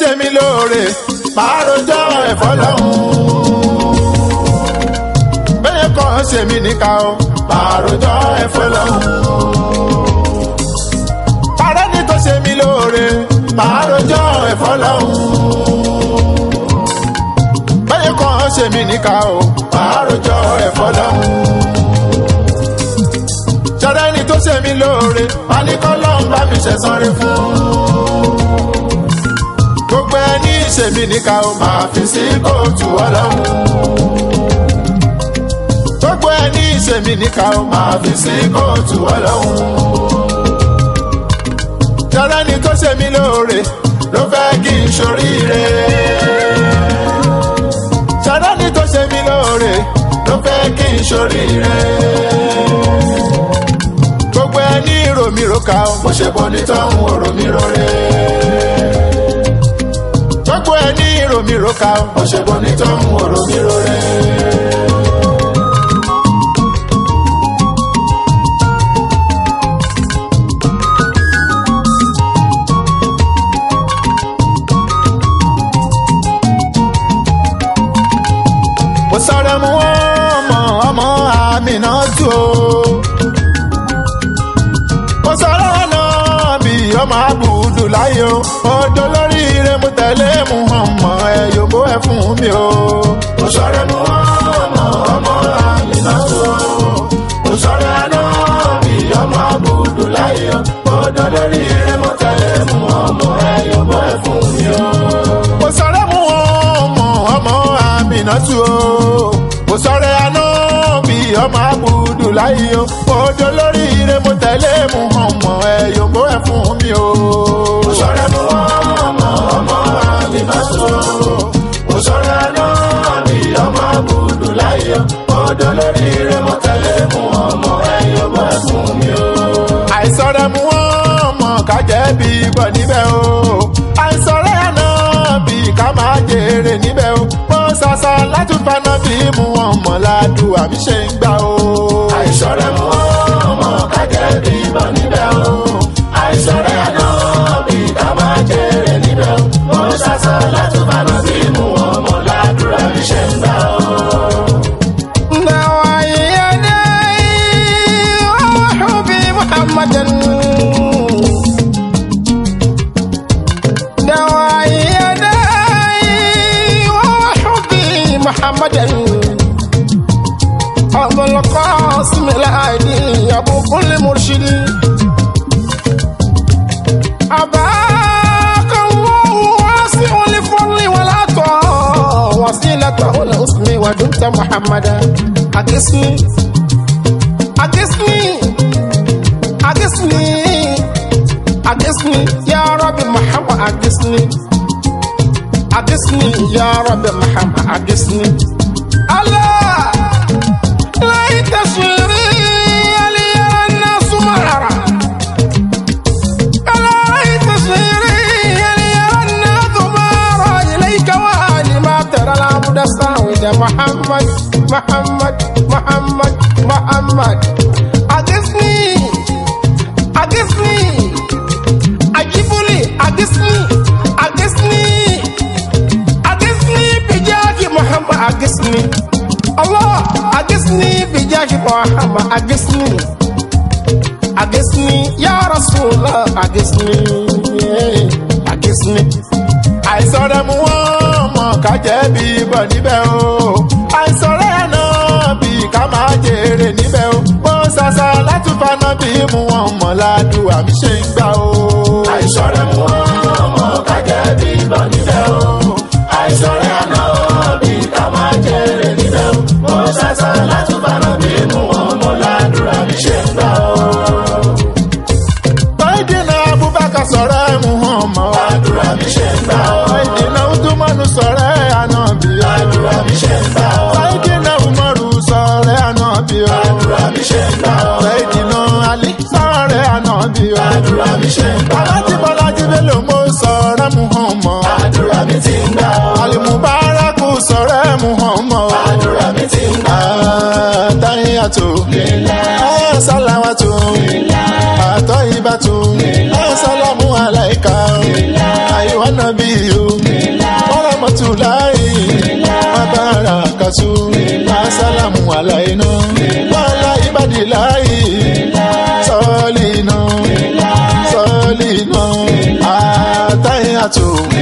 ṣe mí lóore màá rojọ́ ẹ̀fọ́ lọ́hùn bẹ́ẹ̀ kọ́ ṣe mí níka o màá rojọ́ ẹ̀fọ́ lọ́hùn-ún parẹ́ ni tó ṣe mí lóore màá rojọ́ ẹ̀fọ́ bẹ́ẹ̀ kọ́ ṣe mí níka o màá rojọ́ ẹ̀fọ́ lọ́hùn-ún ṣọ̀rẹ́ ni tó ṣe mí lóore màá ní mi ṣẹ̀ sanre fún un tèmi níka o máa fi sí kóòtù ọlọ́run. gbogbo ẹni ìsèmi níka o máa fi sí kóòtù ọlọ́run. tọ́lá ni tó ṣe mí lóore ló fẹ́ kí n ṣoríire. tọ́lá ni tó ṣe mí lóore ló fẹ́ kí n ṣoríire. gbogbo ẹni ròmíròka o mo ṣe bọ́ ní tọ́hún òròmíròre ìróka o. ọ̀ṣẹ̀bọ̀ ní tọ́hún ọ̀rọ̀ mi ro rẹ̀. mo sọ̀rọ̀ mu ọmọ ọmọ àmì náà tù o. ọmọ abudu láyé o lórí ire mo tẹ̀lé Muhammad ṣọrẹ fún mi o. mo mú ọmọ ọmọ àmìnà tó. mo àná mi ọmọ àbùdù láyọ̀. mo dọdẹ rí eré mo mú ọmọ ẹyọ bọ́ ẹ fún mi o. mo mú ọmọ ọmọ àmìnà tó. mo àná mi ọmọ àbùdù láyọ̀. mo dọdẹ rí eré mo mú ọmọ látúntànà bí mu wọn mọ̀ ládùúgbò àbí ṣe ń gbà ó. اسم العيني ابو كل مرشدي اباك الله واسع الفضل والعطاء وسيلته الحسن ودمت محمدا اقسني اقسني اقسني اقسني يا رب محمد اقسني اقسني يا رب محمد اقسني الله لا يتسلم ya Muhammad, Muhammad, Muhammad, Muhammad. Agisni, Agisni, Ajibuli, Agisni, Agisni, Agisni, Bijaji Muhammad, Agisni. Allah, Agisni, Bijaji Muhammad, Agisni. Agisni, Ya Rasulallah, Agisni, yeah. Agisni. Àìsàn rẹ̀ mú wọ́n mọ̀ ká jẹ́ bí bọ̀ níbẹ̀ ládùúwà mi ṣe ń salawatu ah salawatu atoibatu ah salamu alaika ayiwa nabiyu waramatullahi wabarakatu ah salamu alaina wala ibadilahi solina solina atayatu.